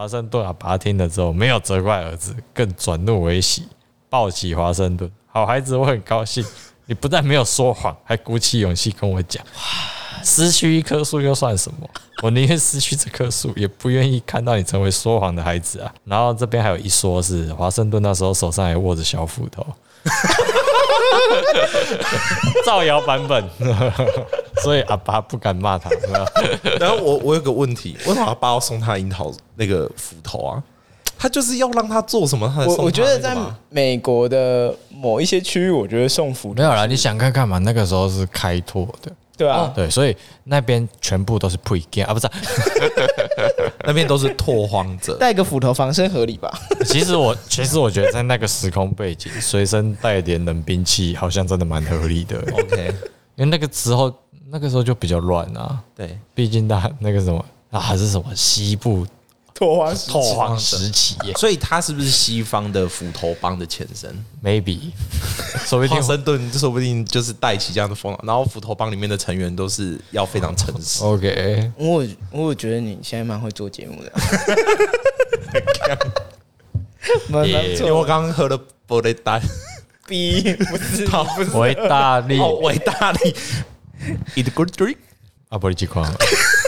華盛頓阿爸聽了之後沒有責怪兒子，更轉怒為喜，抱起華盛頓：“好孩子，我很高興，你不但沒有說謊，還鼓起勇氣跟我講，失去一棵樹又算什麼？我寧願失去這棵樹，也不願意看到你成為說謊的孩子啊！”然後這邊還有一說是，華盛頓那時候手上還握着小斧頭。 造謠版本， 所以阿爸不敢罵他。 然後我我有個問題，為什麼阿爸要送他櫻桃那個斧頭啊？他就是要讓他做什麼？他他我我覺得在美國的某一些區域，我覺得送斧頭沒有啦。你想看看嘛？那個時候是開拓的，對，對啊，嗯，對，所以那邊全部都是 pre-game 啊，不是，啊。 那邊都是拓荒者，帶個斧頭防身合理吧？其實我其實我覺得在那個時空背景，隨身帶點冷兵器好像真的蠻合理的。OK，因為那個時候那個時候就比較亂啊。對，畢竟那那個什麼啊，還是什麼西部。拓荒時期，所以他是不是西方的斧頭幫的前身？Maybe，華 盛頓說不定就是帶起這樣的風，然後斧頭幫裡面的成員都是要非常誠實 okay.。OK，我我我覺得你現在蠻會做節目的，因為我剛剛喝了波列丹，B 不是，維、oh, 大力，維、oh, 大力 eat good drink，啊，不客氣、啊。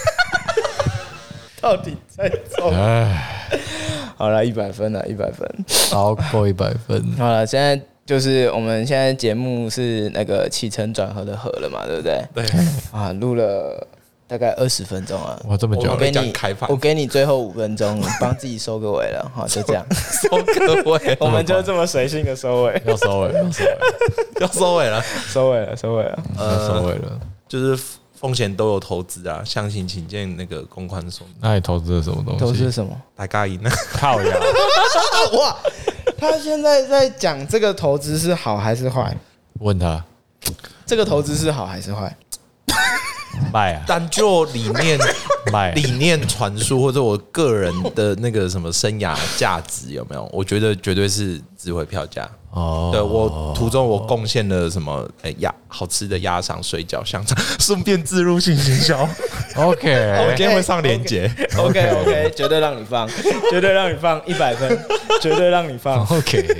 到底在做？ 唉 好了，一百分了，一百分。好，扣一百分。分好了，現在就是我們現在節目是那個起承轉合的合了嘛，對不對？對啊，錄了大概二十分鐘啊，哇，這麼久！我給你我，我給你最後五分鐘，幫自己收個尾了 好，就這樣收個尾。位 我們就這麼隨性的收尾， 要收尾了，要收尾了，要，收尾，了要收，尾了收尾了，收尾了，收尾了，收尾了，就是。風險都有投資啊，詳情請見那個公款所。那你投資了什麼東西？投資什麼？大家贏了，靠呀！ 哇，他現在在講這個投資是好還是壞？問他，這個投資是好還是壞？賣啊！但就理念賣，理念傳輸或者我個人的那個什麼生涯價值有沒有？我覺得絕對是值回票價哦。對，我途中我貢獻了什麼？哎，鴨好吃的鴨腸、水餃、香腸，順便置入性行銷。OK，我們今天會上連接。OK OK，, okay, okay, okay, okay, okay, okay 絕對讓你放，絕對讓你放一百分，絕對讓你放。 你放 OK。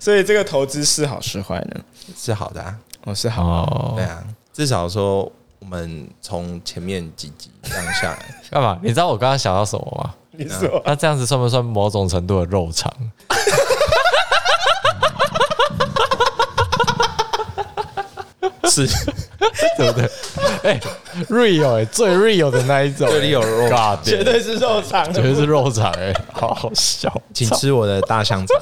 所以這個投資是好是壞呢？是好的啊，我是好，對啊。至少說，我們從前面幾集這樣下來，幹嘛？你知道我剛剛想到什麼嗎？你說、啊，那這樣子算不算某種程度的肉償？是，對不對？哎、欸、，real 哎、欸，最 real 的那一種、欸，這裡有肉,絕肉，絕對是肉腸，絕對是肉腸哎，好好笑，請吃我的大香腸，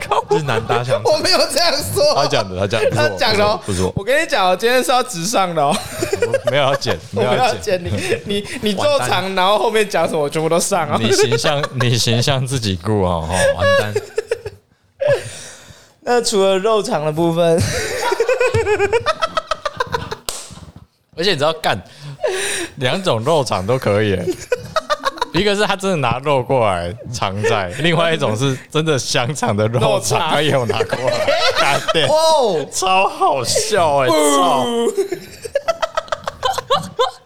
超是男大香腸，我沒有這樣說、哦，他講的，他講的，他講的，不我跟你講，我今天是要直上的、哦嗯，沒有要剪，沒有要剪你，你你你做腸，然後後面講什麼，我全部都上啊、哦，你形象，你形象自己顧哦。哈、哦，完蛋， 哦、那除了肉腸的部分。 而且你知道，幹兩種肉腸都可以。一個是他真的拿肉過來藏在，另外一種是真的香腸的肉腸他也有拿過來幹哦，超好笑哎！Uh.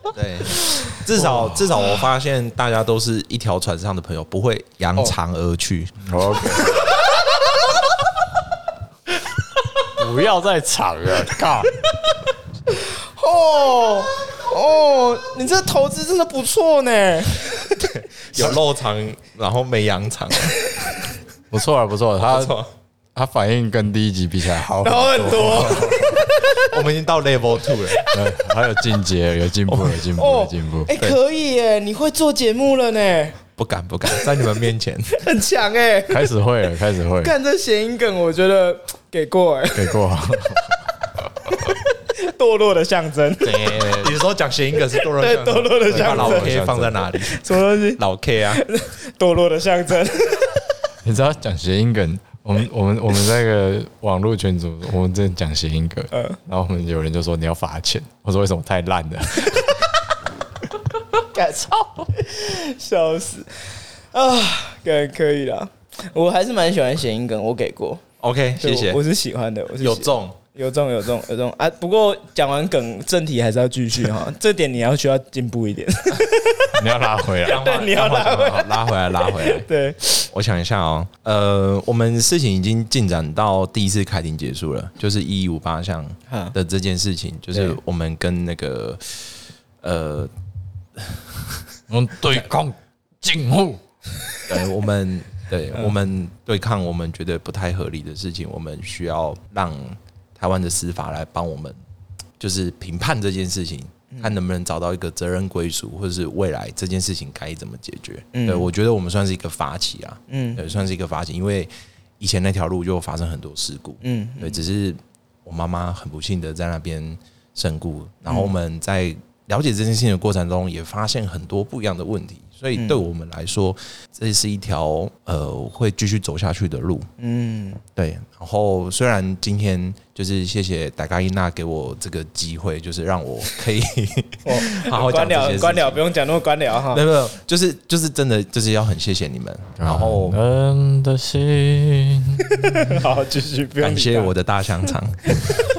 操，對，至少至少我發現大家都是一條船上的朋友，不會揚長而去。不要再長了，幹！哦哦，你這投資真的不錯呢，欸，有肉腸，然後沒羊腸， 不錯啊，不錯，他他反應跟第一集比起來好，好很多， 我們已經到 level two 了，對，還有進階，有進步，有進步，有進步，哎，可以哎，欸，對 你會做節目了呢，欸，不敢不敢，在你們面前很強哎，開始會了，開始會，幹，這諧音梗，我覺得給過哎，給過，欸。墮落的象徵，對，你說講諧音梗是墮落的象徵，你把老 K 放在哪裡？什麼東西？老 K 啊，墮落的象徵。你知道講諧音梗，我們我們我們那個網絡群組，我們正講諧音梗，然後我們有人就說你要罰錢，我說為什麼太爛了？改操，笑死啊！可可以了，我還是蠻喜歡諧音梗，我給過。OK，謝謝，我是喜歡的，我是有中。有中有中有中啊！不過講完梗，正題還是要繼續哈。這點你要需要進步一點， 你要拉回來，你要拉回來，拉回來，拉回來。對，我想一下哦。呃，我們事情已經進展到第一次開庭結束了，就是一五八項的這件事情，就是我們跟那個呃，我們對抗進戶，我們對我們對抗我們覺得不太合理的事情，我們需要讓。台灣的司法來幫我們，就是評判這件事情，嗯、看能不能找到一個責任歸屬，或者是未來這件事情該怎麼解決。嗯、對，我覺得我們算是一個發起啊，嗯，對，算是一個發起，因為以前那條路就發生很多事故，嗯，嗯對，只是我媽媽很不幸的在那邊身故，然後我們在了解這件事情的過程中，也發現很多不一樣的問題，所以對我們來說，嗯、這是一條呃會繼續走下去的路。嗯，對，然後雖然今天。就是謝謝大家一娜給我這個機會，就是讓我可以我關 好好了，關了，不用講那麼關了。哈。沒有，沒有，就是就是真的就是要很謝謝你們。然後，好繼續，感謝我的大香腸。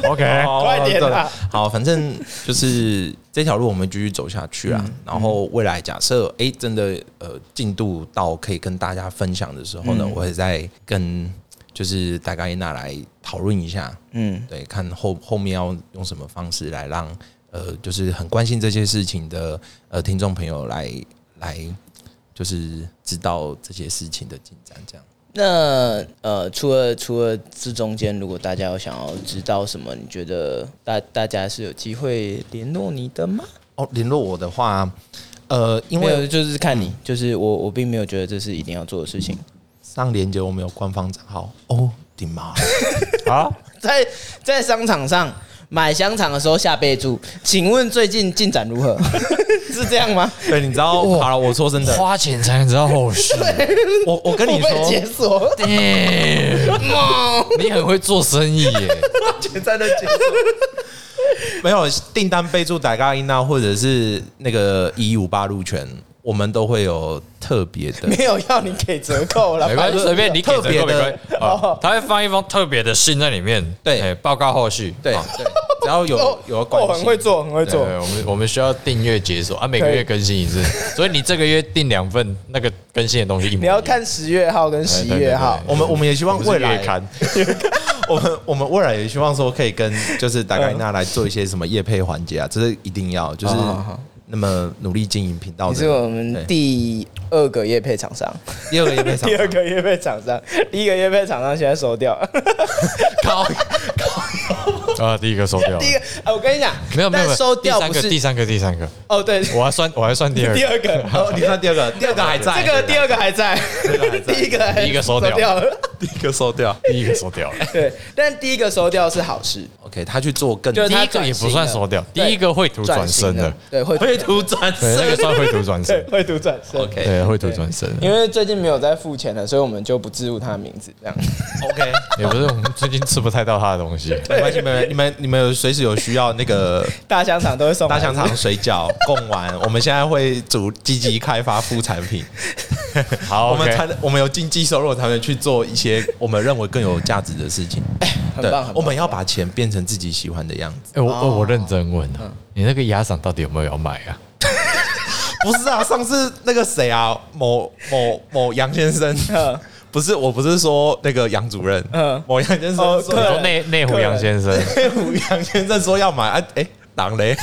OK，好、啊，點好，反正就是這條路我們繼續走下去啊。然後未來假設 A、欸、真的呃進度到可以跟大家分享的時候呢，嗯、我也在跟。就是大概拿來討論一下，嗯，對，看後後面要用什麼方式來讓呃，就是很關心這些事情的呃聽眾朋友來來，就是知道這些事情的進展，這樣。那呃，除了除了這中間，如果大家有想要知道什麼，你覺得大大家是有機會聯絡你的嗎？哦，聯絡我的話，呃，因為就是看你，嗯、就是我，我並沒有覺得這是一定要做的事情。嗯上鏈接，我們有官方賬號哦、oh，頂嗎？好，在在商場上買香腸的時候下備注，請問最近進展如何？是這樣嗎？對，你知道好了，我說真的，你花錢才能知道後續。我我跟你說，我解鎖，Damn, 你很會做生意耶，欸。花錢才能解鎖，沒有訂單備注打嘎音啊，或者是那個一五八路全。我們都會有特別的，沒有要你給折扣了，沒關係，隨便你給折扣沒關係特別，他會放一封特別的信在裡面，對，報告後續，對，然後有有關係，很會做，很會做，我們我們需要訂閱解鎖啊，每個月更新一次，所以你這個月訂兩份那個更新的東西，你要看十月號跟十一月號，對我們我們也希望未來，我們我們未來也希望說可以跟就是達蓋納來做一些什麼業配環節啊，這是一定要，就是。那麼努力經營頻道，你是我們第二個業配廠商，第二個業配廠商，第二個業配廠商，第一個業配廠商現在收掉，靠靠，啊，第一個收掉，第一個哎，我跟你講，沒有沒有收掉，第三個第三個第三個哦，對，我還算我還算第二個，第二個，你算第二個，第二個還在，這個第二個還在，第一個還第一個收掉了。第一個收掉，第一個收掉。對，但第一個收掉是好事。OK，他去做更多。是他也不算收掉，第一個繪圖轉身的，對，繪圖轉身，那個算繪圖轉身，繪圖轉身。OK，對，繪圖轉身。因為最近沒有在付錢了，所以我們就不置入他的名字，這樣。OK，也不是我們最近吃不太到他的東西，沒關係，沒你們你們有隨時有需要，那個大香腸都會送大香腸、水餃、貢丸，我們現在會主積極開發副產品。好，我們才我們有經濟收入才能去做一些。我們認為更有價值的事情、欸，對，我們要把錢變成自己喜歡的樣子。哎，我我認真問、啊、你那個牙掌到底有沒有要買啊？不是啊，上次那個誰啊，某某某楊先生，不是，我不是說那個楊主任，嗯，某楊先生、嗯哦、說內內湖楊先生，內湖楊先生說要買啊，哎，朗雷，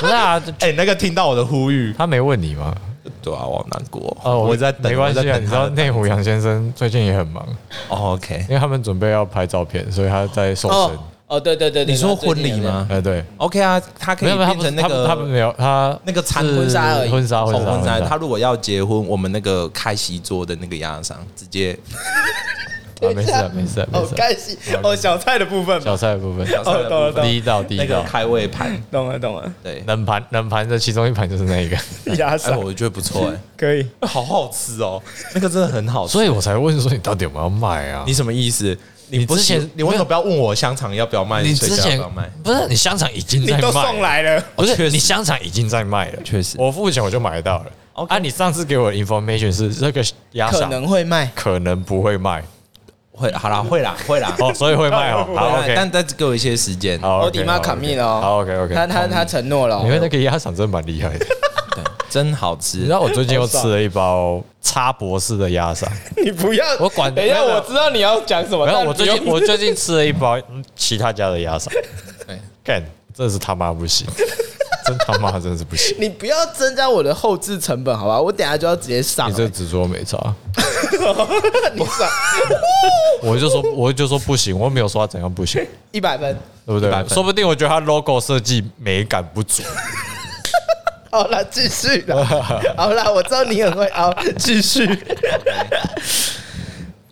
不是啊，哎，那個聽到我的呼籲，他沒問你嗎？對啊，我好難過、喔。哦，我在等，沒關係、啊。你知道內湖楊先生最近也很忙。哦、OK，因為他們準備要拍照片，所以他在瘦身哦。哦，對對對，你說婚禮嗎？哎，對,對,對。OK 啊，他可以沒有他變成那個……他們沒有他那個穿婚紗婚紗婚紗婚紗，他如果要結婚，我們那個開席桌的那個牙商直接。 沒事沒事沒事，開心哦！小菜的部分，小菜的部分，哦，懂了懂了，第一道第一道開胃盤，懂了懂了，對，冷盤冷盤的其中一盤就是那個鴨腸，我覺得不錯哎，可以，好好吃哦，那個真的很好吃，所以我才問說你到底有沒有賣啊？你什麼意思？你不是前你為什麼不要問我香腸要不要賣？你之前不是你香腸已經在賣了，不是你香腸已經在賣了，確實，我付錢我就買到了。啊，你上次給我的 information 是這個鴨腸可能會賣，可能不會賣。會，好啦，會啦，會啦，哦，所以會賣哦，好，但但給我一些時間，O'Dmar 卡密了，好，OK，OK，他他他承諾了，你看那個鴨腸真的蠻厲害的，真好吃。然後我最近又吃了一包插博士的鴨腸，你不要，我管你，等一下我知道你要講什麼。然後，我最近，我最近吃了一包其他家的鴨腸，幹，這是他媽不行。他媽真是不行！你不要增加我的後製成本，好吧？我等下就要直接上。你這只執着沒差你上，我就說，我就說不行。我沒有說他怎樣不行。一百分，對不對？說不定我覺得他 logo 設計美感不足。好了，繼續啦，好了，我知道你很會凹，繼續。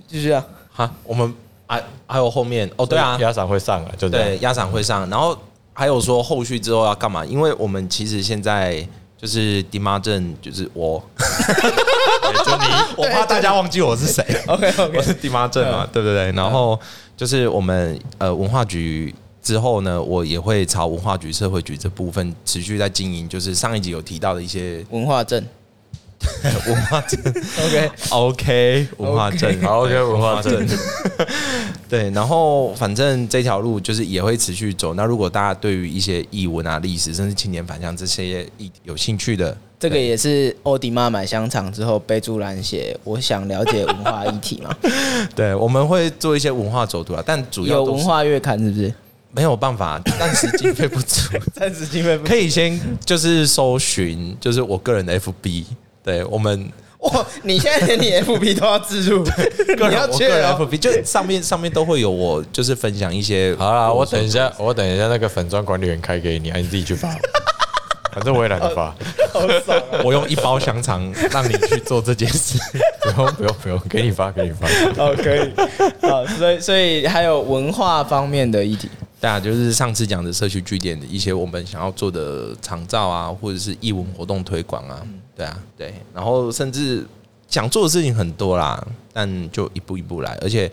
繼續啊！好，我們還還有後面哦。對啊，鴨賞會上啊，就對。鴨賞會上，然後。還有說後續之後要幹嘛？因為我們其實現在就是地媽鎮，就是我， 就你，我怕大家忘記我是誰。 OK，okay 我是地媽鎮嘛，yeah, 對不對，對？然後就是我們呃文化局之後呢，我也會朝文化局、社會局這部分持續在經營。就是上一集有提到的一些文化鎮。文化證，OK OK, okay 文化證，OK 文化證， 對，然後反正這條路就是也會持續走。那如果大家對於一些藝文啊、歷史，甚至青年返鄉這些也有興趣的，這個也是歐迪媽買香腸之後備註欄寫，我想了解文化議題嘛？對，我們會做一些文化走讀啊，但主要是有文化月刊是不是？沒有辦法，暫時經費不足，暫 時經費不足，可以先就是搜尋，就是我個人的 FB。對我們，哇！你現在連你 FB 都要置入，對你要去，哦、個人 FB 就上面對上面都會有我，就是分享一些。好了，我等一下，我等一下那個粉專管理員開給你，哎，你自己去發， 反正我也懶得發。哦啊、我用一包香腸讓你去做這件事， 不用不用不用，不用，給你發給你發。哦，可以，好，所以所以還有文化方面的議題。大家、啊、就是上次講的社區據點的一些我們想要做的長照啊，或者是藝文活動推廣啊，對啊，對，然後甚至想做的事情很多啦，但就一步一步來。而且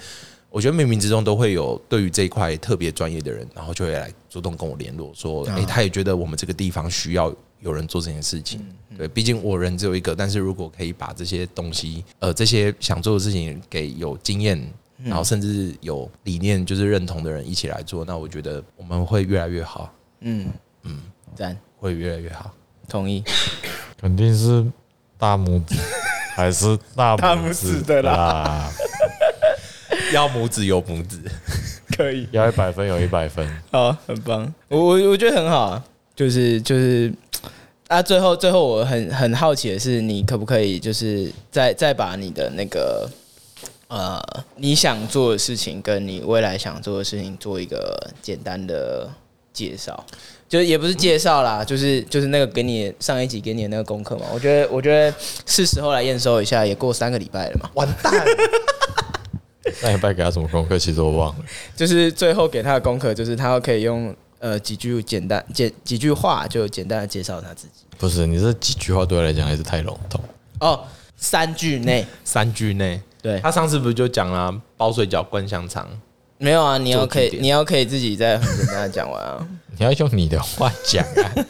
我覺得冥冥之中都會有對於這一塊特別專業的人，然後就會來主動跟我聯絡說、欸，他也覺得我們這個地方需要有人做這件事情。對，畢竟我人只有一個，但是如果可以把這些東西，呃，這些想做的事情給有經驗。嗯、然後甚至有理念就是認同的人一起來做，那我覺得我們會越來越好。嗯嗯，讚、嗯，讚會越來越好。同意，肯定是大拇指， 還是大拇指大拇指的啦。大 要拇指有拇指，可以要一百分有一百分，好，很棒。我我我覺得很好啊，就是就是啊，最後最後我很很好奇的是，你可不可以就是再再把你的那個。呃，你想做的事情，跟你未來想做的事情，做一個簡單的介紹，就也不是介紹啦，嗯、就是就是那個給你上一集給你的那個功課嘛。我覺得我覺得是時候來驗收一下，也過三個禮拜了嘛，完蛋。 那禮拜給他什麼功課？其實我忘了。就是最後給他的功課，就是他可以用呃幾句簡單簡幾句話，就簡單的介紹他自己。不是，你這幾句話對我來講還是太籠統哦，三句內，三句內。對他上次不是就講了包水餃、灌香腸？沒有啊，你要可以，你要可以自己再跟大家講完啊。 你要用你的話講啊，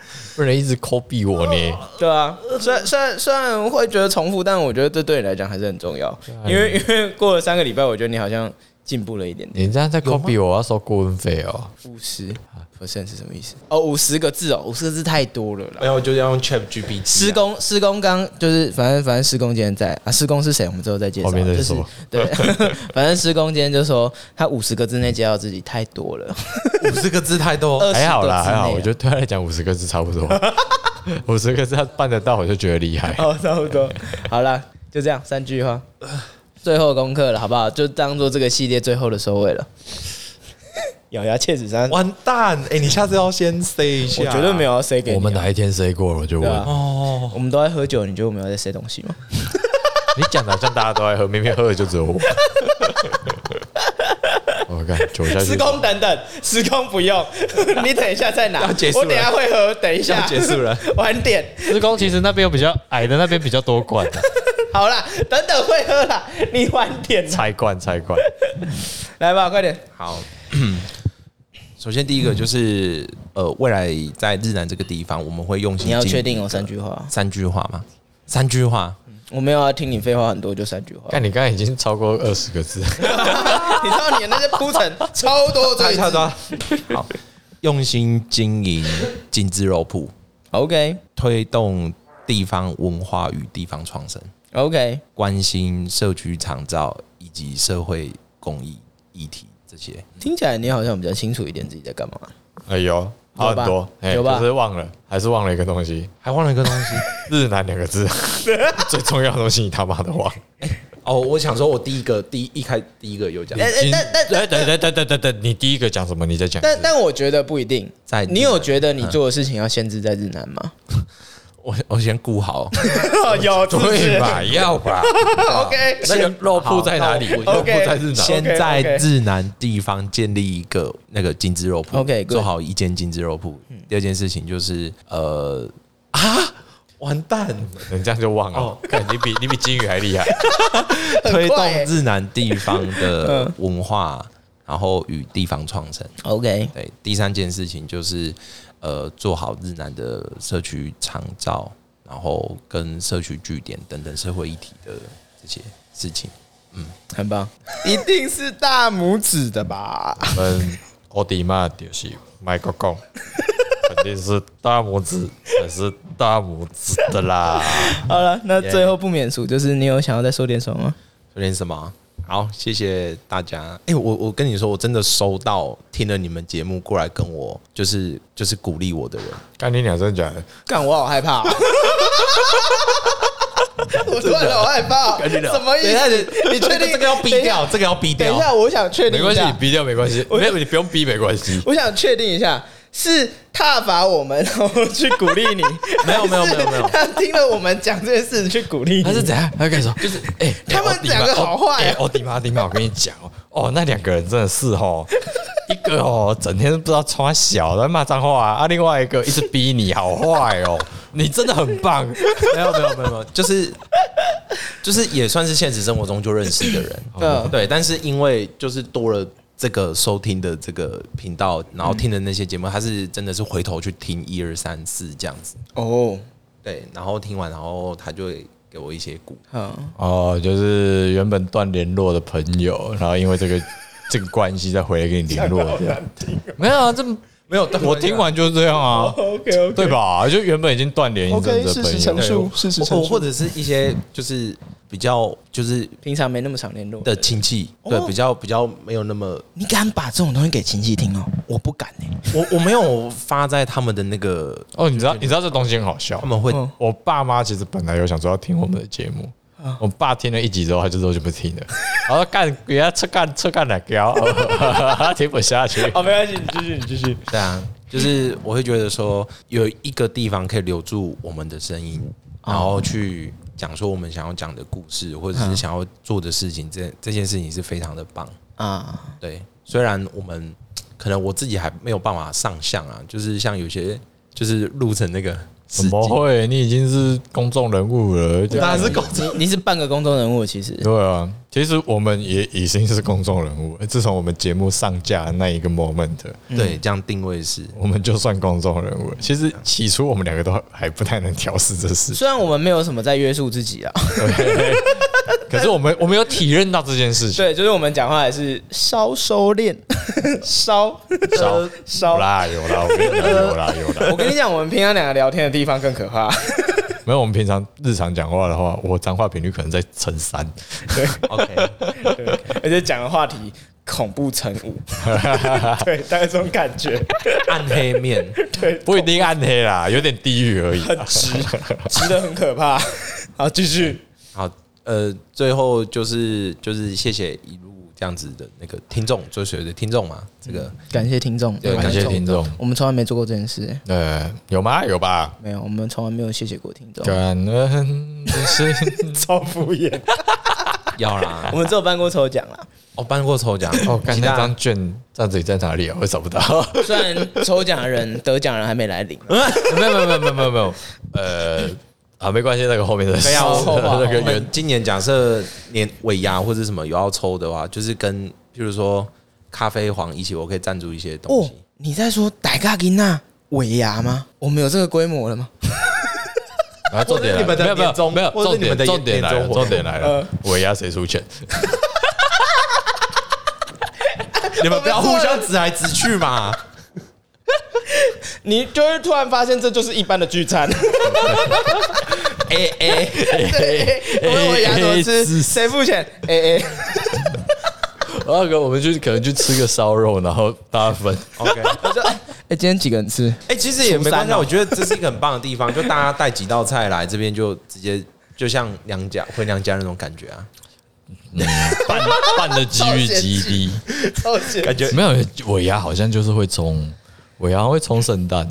不能一直 copy 我呢。對啊，雖然雖然雖然會覺得重複，但我覺得這對你來講還是很重要，啊、因為因為過了三個禮拜，我覺得你好像。進步了一點，點，你這樣在 copy 我要，喔，要收顧問費哦。五十 percent 是什麼意思？哦，五十個字哦，五十個字太多了啦。沒、哎，我就要用 ChatGPT，啊，施工，施工剛就是，反正反正施工在，在啊。施工是誰？我們之後，之後再介紹。面，就是，對， 反正施工就說他五十個字內介紹自己太多了，五 十個字太多，多啊，還好啦，還好。我覺得對他來講，五十個字差不多。五十 個字他辦得到，我就覺得厲害。哦差不多， 好了，就這樣，三句話。最後的功課了，好不好？就當做這個系列最後的收尾了。 咬牙切齒山完蛋！哎、欸，你下次要先塞一下，啊，我絕對沒有要塞給你。啊、我們哪一天塞過了我就問、啊。哦，我們都在喝酒，你覺得我們有在塞東西嗎？ 你講的好像大家都愛喝，明明 喝的就只有我。 OK，施工等等，施工不用， 你等一下再拿。我等一下會喝，等一下結束了， 晚點。施工其實那邊有比較矮的，那邊比較多罐啊。 好啦，等等會喝啦，你晚點。拆罐，拆罐， 來吧，快點。好，首先第一個就是呃，未來在日南這個地方，我們會用心一。你要確定哦，三句話，三句話嘛，三句話。我沒有啊，聽你廢話很多，就三句話。但你剛剛已經超過二十個字， 你知道你的那些鋪陳超多嘴。他說：“好，用心經營精緻肉鋪，OK；推動地方文化與地方創生，OK；關心社區長照以及社會公益議題，這些聽起來你好像比較清楚一點，自己在幹嘛？”哎呦。好很多，哎、欸，就吧是忘了，還是忘了一個東西，還忘了一個東西， 日南兩個字， 最重要的東西你他媽的忘，欸。哦，我想說，我第一個第一,一開第一個有講，欸欸，但等等等等等等，你第一個講什麼？你在講？但但我覺得不一定你有覺得你做的事情要限制在日南嗎？嗯我我先顧好，要對吧？要吧？OK，那個肉鋪在哪裡？肉鋪在日南，先在日南地方建立一個那個精緻肉鋪，OK，做好一間精緻肉鋪。第二件事情就是呃啊，完蛋，人家就忘了。你比你比金魚還厲害，推動日南地方的文化。然後與地方創生，OK，對，第三件事情就是，呃，做好日南的社區長照，然後跟社區據點等等社會議題的這些事情，嗯，很棒， 一定是大拇指的吧？嗯，我的媽就是麥克風， 肯定是大拇指，是大拇指的啦。 好了，那最後不免俗，Yeah. 就是你有想要再說點什麼嗎？說點什麼？好，謝謝大家、欸。哎，我我跟你說，我真的收到聽了你們節目過來跟我，就是就是鼓勵我的人。幹你兩聲，講幹我好害怕、喔。我突然好害怕、喔，什麼意思？你確定這個要 B 掉？這個要 B 掉？等一下，我想確定，沒關係，B 掉沒關係。沒有，你不用 B 沒關係。我想確定一下。是他罰我們、哦，然後去鼓勵你沒。沒有沒有沒有沒有，他聽了我們講這件事 去鼓勵你。他是怎樣？他就跟你說就是，哎、欸，欸、他們兩個好壞。哦，弟媽，弟媽，我跟你講哦，那兩個人真的是哦，一個哦、喔，整天不知道穿小，都罵髒話啊，啊，另外一個一直逼你好壞哦、喔，你真的很棒。沒有沒有沒有沒有，就是就是也算是現實生活中就認識的人，對、嗯嗯、對，但是因為就是多了。這個收聽的這個頻道，然後聽的那些節目，嗯、他是真的是回頭去聽一二三四這樣子哦，oh. 對，然後聽完，然後他就會給我一些鼓哦，oh. oh, 就是原本斷聯絡的朋友，然後因為這個 這個關係再回來跟你聯絡的，喔、 沒有啊，這。沒有，但我聽完就是這樣啊，對吧？就原本已經斷聯一陣朋友，或者或者是一些就是比較就是平常沒那麼常聯絡的親戚，對比較比較沒有那麼……你敢把這種東西給親戚聽哦？我不敢，我我沒有發在他們的那個哦，你知道你知道這東西很好笑，他們會，我爸媽其實本來有想說要聽我們的節目。我爸聽了一集之後，他就說就不聽了。然後幹，給他吃乾吃乾兩條，他聽不下去。哦，沒關係，你繼續，你繼續。對啊，就是我會覺得說，有一個地方可以留住我們的聲音，然後去講說我們想要講的故事，或者是想要做的事情，這這件事情是非常的棒啊。對，雖然我們可能我自己還沒有辦法上相啊，就是像有些就是錄成那個。怎麼會？你已經是公眾人物了，哪是公眾？這樣子。你是半個公眾人物，其實。對啊。其實我們也已經是公眾人物，自從我們節目上架的那一個 moment，對，嗯、這樣定位是，我們就算公眾人物。其實起初我們兩個都還不太能調適這事，雖然我們沒有什麼在約束自己啊， 可是我們我們有體認到這件事情。對，就是我們講話還是稍收斂，稍稍有啦有啦有啦有啦，我跟你講，我們平常兩個聊天的地方更可怕。那我們平常日常講話的話，我髒話頻率可能在乘三，對，OK，而且講的話題恐怖乘五， 對，大概這種感覺，暗黑面，對，不一定暗黑啦，有點地獄而已，很直， 直得很可怕。好，繼續，okay. 好，呃，最後就是就是謝謝一路。這樣子的那個聽眾，追隨的聽眾嘛，這個感謝聽眾，感謝聽眾，我們從來沒做過這件事。欸，對，有嗎？有吧？沒有，我們從來沒有謝謝過聽眾，感恩是超敷衍， 要啦， 我們只有辦過抽獎啦 哦抽獎，哦，辦過抽獎，哦他，剛才那張券這裡在哪裡啊？我找不到， 雖然抽獎人得獎人還沒來領。啊 嗯，沒有沒有沒有沒有沒有，呃。啊，沒關係，那個後面的抽呵呵那個、今年假設年尾牙或者什麼有要抽的話，就是跟譬如說咖啡黃一起，我可以贊助一些東西。哦，你在說戴咖金那尾牙嗎？我們有這個規模了嗎？啊、重點來了，沒有沒有，重點的重點來了，重點，重點來了，尾牙誰出錢？ 啊、你們不要互相指來指去嘛！是你就會突然發現，這就是一般的聚餐。 哎哎哎哎哎！哎哎誰付錢？哎、欸、哎，欸、我那哥，我們就可能去吃個燒肉，然後大家分。 OK，哎，哎、欸，今天幾個人吃？哎、欸，其實也沒關係，我覺得這是一個很棒的地方，就大家帶幾道菜來，這邊就直接就像娘家回娘家那種感覺啊。辦的幾率極低，超級感覺沒有尾牙，好像就是會衝尾牙會衝聖誕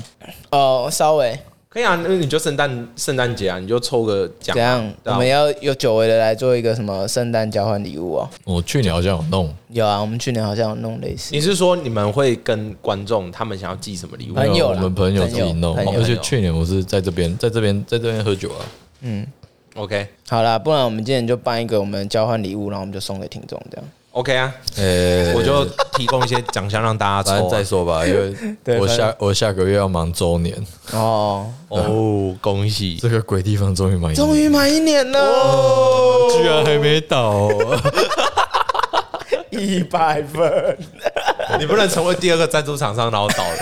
哦，稍微。可以啊，那你就聖誕聖誕節啊，你就抽個獎、啊。這樣我們要有久違的來做一個什麼聖誕交換禮物、喔、哦。我去年好像有弄。有啊，我們去年好像有弄類似。你是說你們會跟觀眾他們想要寄什麼禮物？朋友，我們朋友自己弄、喔。而且去年我是在這邊，在這邊，在這邊喝酒啊。嗯。OK，好了，不然我們今天就辦一個我們交換禮物，然後我們就送給聽眾這樣。OK 啊，呃，我就提供一些獎項讓大家抽，再再說吧，因為我下我下個月要忙周年。哦哦，恭喜！這個鬼地方終於滿，終於滿一年了，居然還沒倒，一百分！你不能成為第二個贊助廠商，然後倒的。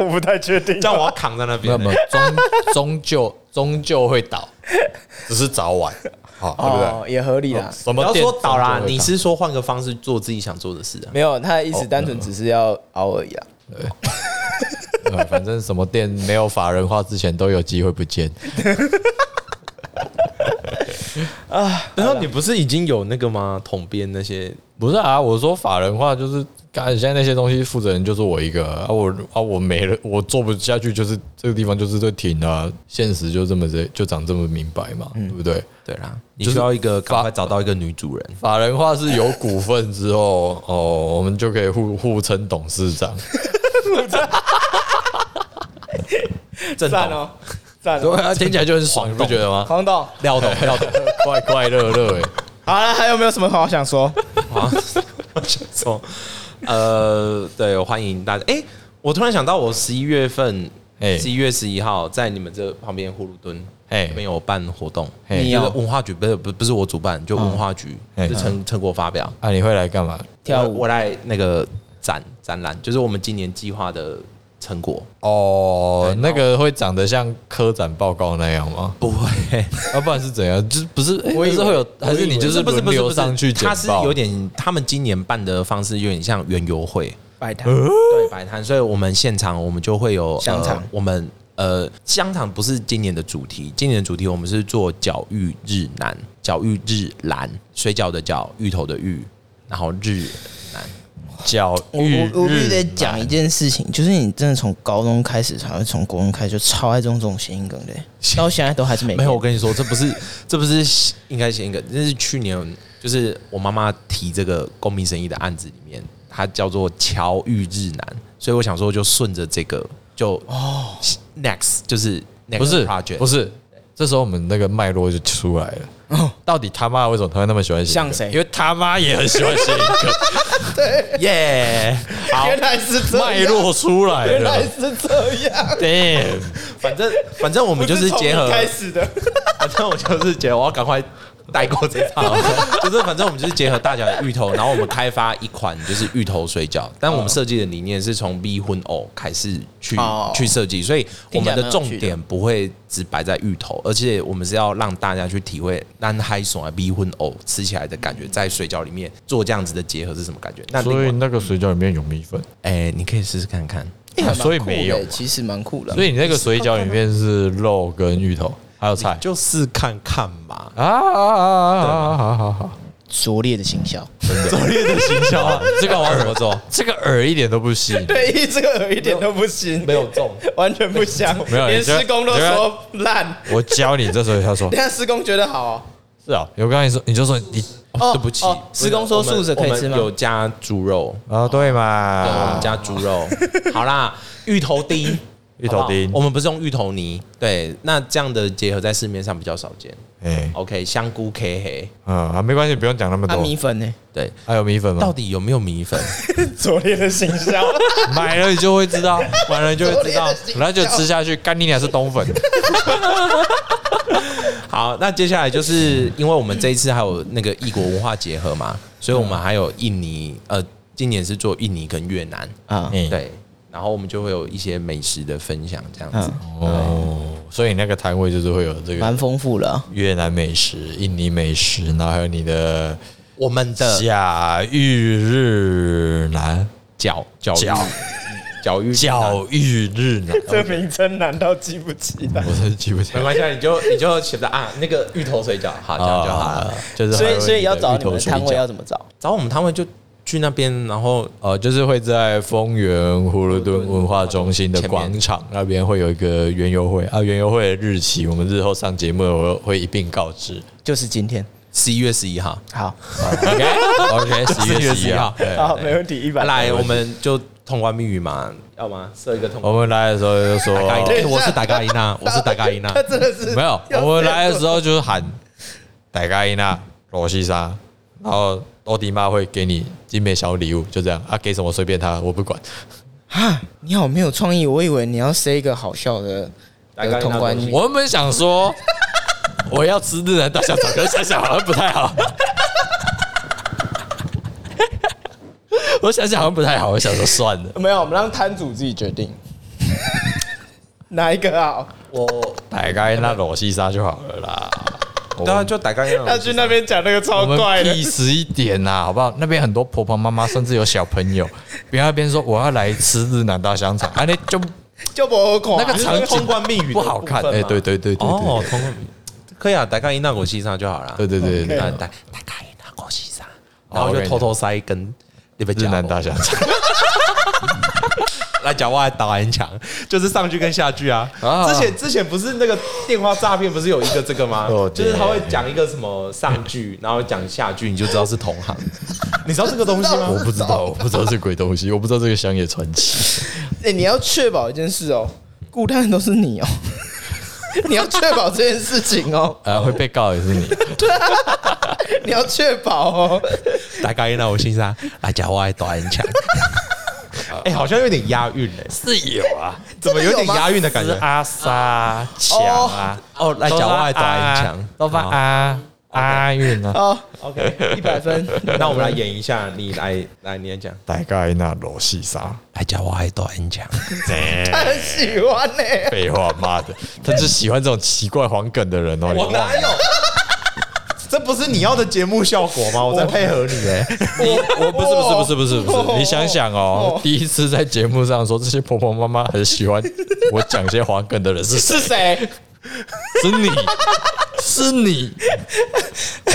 我不太確定，但我要扛在那邊，那麼，終終究終究會倒，只是早晚。好哦，對對也合理啦。好你要說到啦，你是說換個方式做自己想做的事啊？的事啊，沒有，他的意思單純只是要熬而已啊、哦嗯嗯嗯、對， 對，反正什麼店沒有法人化之前都有機會不見。 啊，然後啦你不是已經有那個嗎？統編那些不是啊？我說法人化就是。現在那些東西負責人就是我一個啊我，我啊我沒了，我做不下去，就是這個地方就是這挺的，現實就這麼這就長這麼明白嘛，嗯、對不對？對啦，你需要一個趕快找到一個女主人，法人化是有股份之後哦，我們就可以互互稱董事長 董。讚哦讚哦，喔、他聽起來就很爽，你不覺得嗎？黃董豆廖董，快快樂樂哎。好啦，還有沒有什麼好想說？啊， 我想說。呃，對，歡迎大家。哎，我突然想到，我十一月份，十一 Hey, 月十一號在你們這旁邊葫蘆墩，hey, 沒有辦活動，哎，Hey, 文化局，要不是，不，不是我主辦，就文化局，就、oh, 成成果發表啊，你會來幹嘛？跳舞？我來那個展展覽，就是我們今年計劃的。成果哦，oh, 那個會長得像科展報告那樣嗎？不會，要、 啊、不然是怎樣？就不是，欸、我也是會有，還是你就是不是不是不是他是，是有點，他們今年辦的方式有點像園遊會擺攤，拜堂呃、對擺攤，所以我們現場我們就會有香腸腸、呃。我們呃香腸不是今年的主題，今年的主題我們是做“餃芋日南”，“餃芋日南”水餃的餃，芋頭的芋，然後日南。教育日我必須得講一件事情，就是你真的從高中開始，才會從國中開始就超愛這種這種諧音梗嘞，到現在都還是沒。沒有，我跟你說，這不是， 這不是應該諧音梗，那是去年，就是我媽媽提這個公民生意的案子裡面，它叫做“喬玉日男”，所以我想說，就順着這個，就哦、oh，next 就是不是 next 不是，project，不是，對這時候我們那個脈絡就出來了。哦、到底他媽為什麼他會那麼喜歡寫？像誰誰？因為他媽也很喜歡寫。耶 對，好，脈絡出來了，原來是這樣。對，Damn, 反正反正我們就是結合是開始的，反正我就是覺得我要趕快。帶過這套，就是反正我們就是結合大家的芋頭，然後我們開發一款就是芋頭水餃。但我們設計的理念是從米粉藕開始去去設計，所以我們的重點不會只擺在芋頭，而且我們是要讓大家去體會，那嗨爽的米粉藕吃起來的感覺，在水餃裡面做這樣子的結合是什麼感覺？那所以那個水餃裡面有米粉，哎，欸、你可以試試看看。所以沒有，其實蠻酷的。所以你那個水餃裡面是肉跟芋頭。還有菜，就是看看嘛！啊啊啊啊！好好好，拙劣的行銷，拙劣的行銷啊！這個我要怎麼做？這個餌一點都不腥，對，一這個餌一點都不腥，沒有中，完全不香，沒有，連施工都說爛。我教你，這時候他說，你看施工覺得好，是啊，有我剛剛你說，你就說你對不起，施工說素食可以吃嗎？有加豬肉啊，對嘛？加豬肉，好啦，芋頭丁。好好芋頭丁，我們不是用芋頭泥，對，那這樣的結合在市面上比較少見。哎嘿，OK，香菇 K 黑、嗯，啊沒關係，不用講那麼多。米粉呢、欸？對，還有米粉嗎？到底有沒有米粉？拙劣 的行銷，買了你就會知道，買了你就會知道，然後就吃下去，幹你娘是冬粉。 好，那接下來就是因為我們這一次還有那個異國文化結合嘛，所以我們還有印尼，呃，今年是做印尼跟越南嗯，嗯對。然後我們就會有一些美食的分享，這樣子哦。所以那個攤位就是會有這個蠻豐富的，越南美食、印尼美食，然後還有你的我們的甲玉日南餃餃餃玉玉日南。這名稱難道記不記得？我真的記不。沒關係，你就你就寫在啊，那個芋頭水餃，好這樣就好了。就是所以所以要找你們攤位要怎麼找？找我們攤位就。去那邊，然後呃，就是會在豐原葫蘆墩文化中心的廣場那邊會有一個園遊會啊，園遊會的日期我們日後上節目我會一併告知。就是今天十一月十一號，好，OK，OK，十一月十一號，好，沒問題。一般來，我們就通關密語嘛？要嗎？設一個通關密語。我們來的時候就說：“我是戴嘉茵呐，我是戴嘉茵呐。啊”沒有，我們來的時候就是喊：“戴嘉茵吶，羅西莎。”然後。奧迪媽會給你精美小禮物，就這樣啊？給什麼隨便他，我不管。啊，你好沒有創意，我以為你要塞一個好笑的通關。我本想說，我要吃自然大小腸，可是想想好像不太好。我想想好像不太好，我想說算了。沒有，我們讓攤主自己決定 哪一個啊。我大概那我西沙就好了啦。 對啊，就打開。他去那邊講那個超怪的。我們一點啦，好不好？那邊很多婆婆媽媽，甚至有小朋友，比那邊說，我要來吃日南大香腸，哎，就就不好看，那個場景不好看。哎，對對對對哦，通關密語可以啊，打開一那股西沙就好了。對對對對對，打開、oh, 啊、一那股西沙 Okay.，然後就偷偷塞一根那邊講日南大香腸。 來講我還打人牆，就是上句跟下句啊。之前之前不是那個電話詐騙，不是有一個這個嗎？就是他會講一個什麼上句，然後講下，下句，你就知道是同行。你知道這個東西嗎我？我不知道，我不知道這鬼東西，我不知道這個鄉野傳奇。哎、欸，你要確保一件事哦，孤單都是你哦。你要確保這件事情哦。呃，會被告也是你。對啊，你要確保哦。大家聽到我心上來講我還打人牆。哎，欸、好像有點押韻嘞？是有啊，怎麼有點押韻的感覺？阿沙強啊，哦，來講話還短人強，都發啊阿韻啊，啊，啊、哦，OK，一百分那。那我們來演一下，你來來演講，你來講，大概那羅西沙來講話還短人強，他很喜歡呢。廢話，媽的，他是喜歡這種奇怪黃梗的人哦，欸、你我哪有不是你要的節目效果嗎？我在配合你哎、欸，你我不是不是不是不是不是，你想想哦，第一次在節目上說這些婆婆媽媽很喜歡我講些黃梗的人是誰誰？是你是你，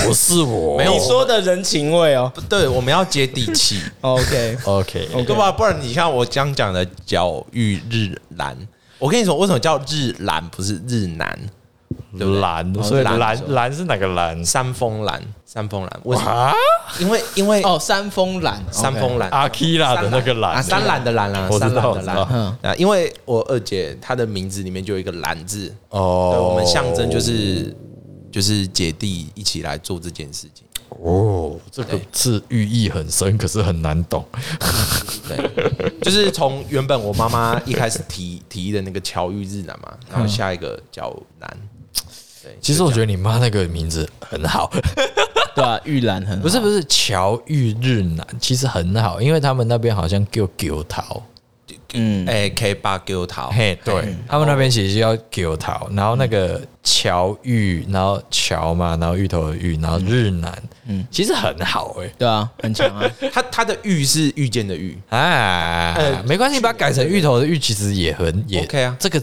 不是我。沒有你說的人情味哦，不，不對，我們要接地氣，哦。OK OK，對吧？不然你看我這樣講的叫玉日蘭，我跟你說，為什麼叫日蘭不是日南？藍，所以藍藍是哪個藍？山峰藍，山峰藍。為什麼？因為因為哦，山峰藍，山峰藍，Akira 的那個藍，三藍的藍啦，三藍的藍。因為我二姐她的名字裡面就有一個藍字哦，我們象徵就是就是姐弟一起來做這件事情。哦，這個字寓意很深，可是很難懂。對，就是從原本我媽媽一開始提提的那個喬玉日藍嘛，然後下一個叫藍。其實我覺得你媽那個名字很好， 對啊，玉蘭很好。不是不是，喬玉日南其實很好，因為他們那邊好像叫狗桃，嗯，A K 八狗桃嘿，對他們那邊其實叫狗桃，然後那個喬玉，然後喬嘛，然後芋頭的芋，然後日南，嗯，嗯其實很好哎、欸，對啊，很強啊。 他他的玉是遇見的玉，哎、啊，欸、沒關係，把它改成芋頭的玉，其實也很也可以、okay、啊，這個。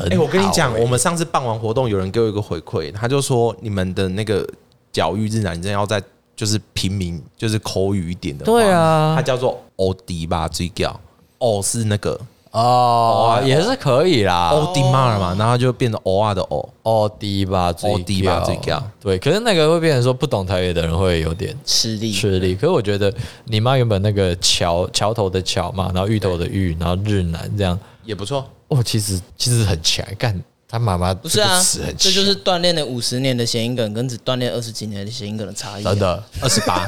哎、欸欸，我跟你講，我們上次辦完活動，有人給我一個回饋，他就說你們的那個“腳芋日南”真要再就是平民，就是口語一點的。對啊，他叫做“奧迪吧最腳”，“哦，是那個哦，哦啊、也是可以啦，“奧迪馬爾”蠟蠟蠟蠟嘛，然後就變成蠟蠟的蠟“偶爾的奧奧迪吧奧迪吧追腳”，蠟蠟對。可是那個會變成說，不懂台語的人會有點吃力，吃力。對可是我覺得你媽原本那個橋“橋橋頭”的“橋”嘛，然後“芋頭”的“芋”，對然後“日南”這樣也不錯。哦，其實其實很強，幹他媽媽不是啊，這就是鍛鍊了五十年的諧音梗，跟只鍛鍊二十幾年的諧音梗的差異啊。真的，二十八，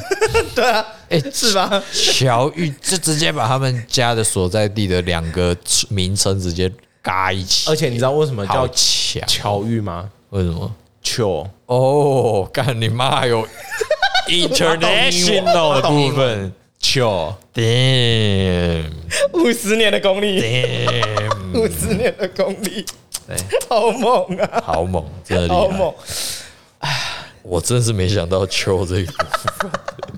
對啊，哎、欸、是吧嗎？喬玉就直接把他們家的所在地的兩個名稱直接尬一起，而且你知道為什麼叫喬玉強喬玉嗎？為什麼喬？哦 Ch ow.、oh，幹你媽有 international 的部分，喬、啊、ow . damn 五十年的功力 damn。 五十年的功力，好猛啊！好猛，真的好猛！哎，我真是沒想到，秋這個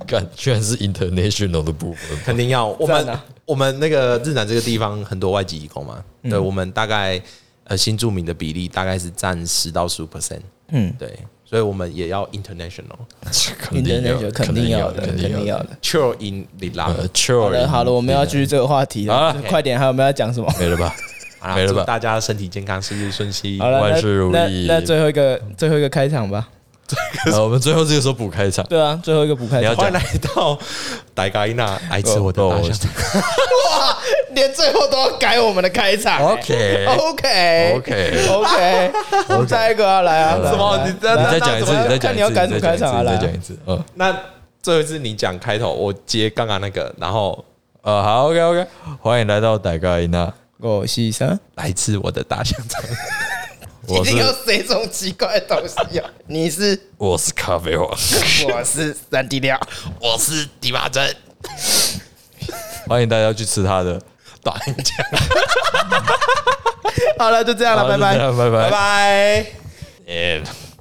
感居然是 international 的部分，肯定要我們我們那個日南這個地方很多外籍移工嘛，對，我們大概呃新住民的比例大概是占十到十五 percent，嗯，對，所以我們也要 international，international，肯定要的，肯定要的。秋 in 日南，秋好了，好了，我們要繼續這個話題了，快點，還有沒有要講什麼？沒了吧？沒了吧？大家身體健康，事事順心，萬事如意。那那最後一個最後一個開場吧。我們最後這個時候補開場。對啊，最後一個補開場。你要再來到戴嘉伊娜愛吃我的大象。哇！連最後都要改我們的開場。OK OK OK OK。我再一個啊，來啊，什麼？你再你再講一次，再講一次，你要改什麼開場啊？來，講一次。嗯，那最後一次你講開頭，我接剛剛那個，然後呃，好，OK OK，歡迎來到戴嘉伊娜。我犧牲來吃我的大香腸，你 是有誰這種奇怪的東西呀？你是，我是咖啡王， 我是三 D 料，我是迪馬珍。 歡迎大家去吃他的大香腸。 好了，就這樣了，拜拜這樣，拜拜，拜拜 bye，拜拜，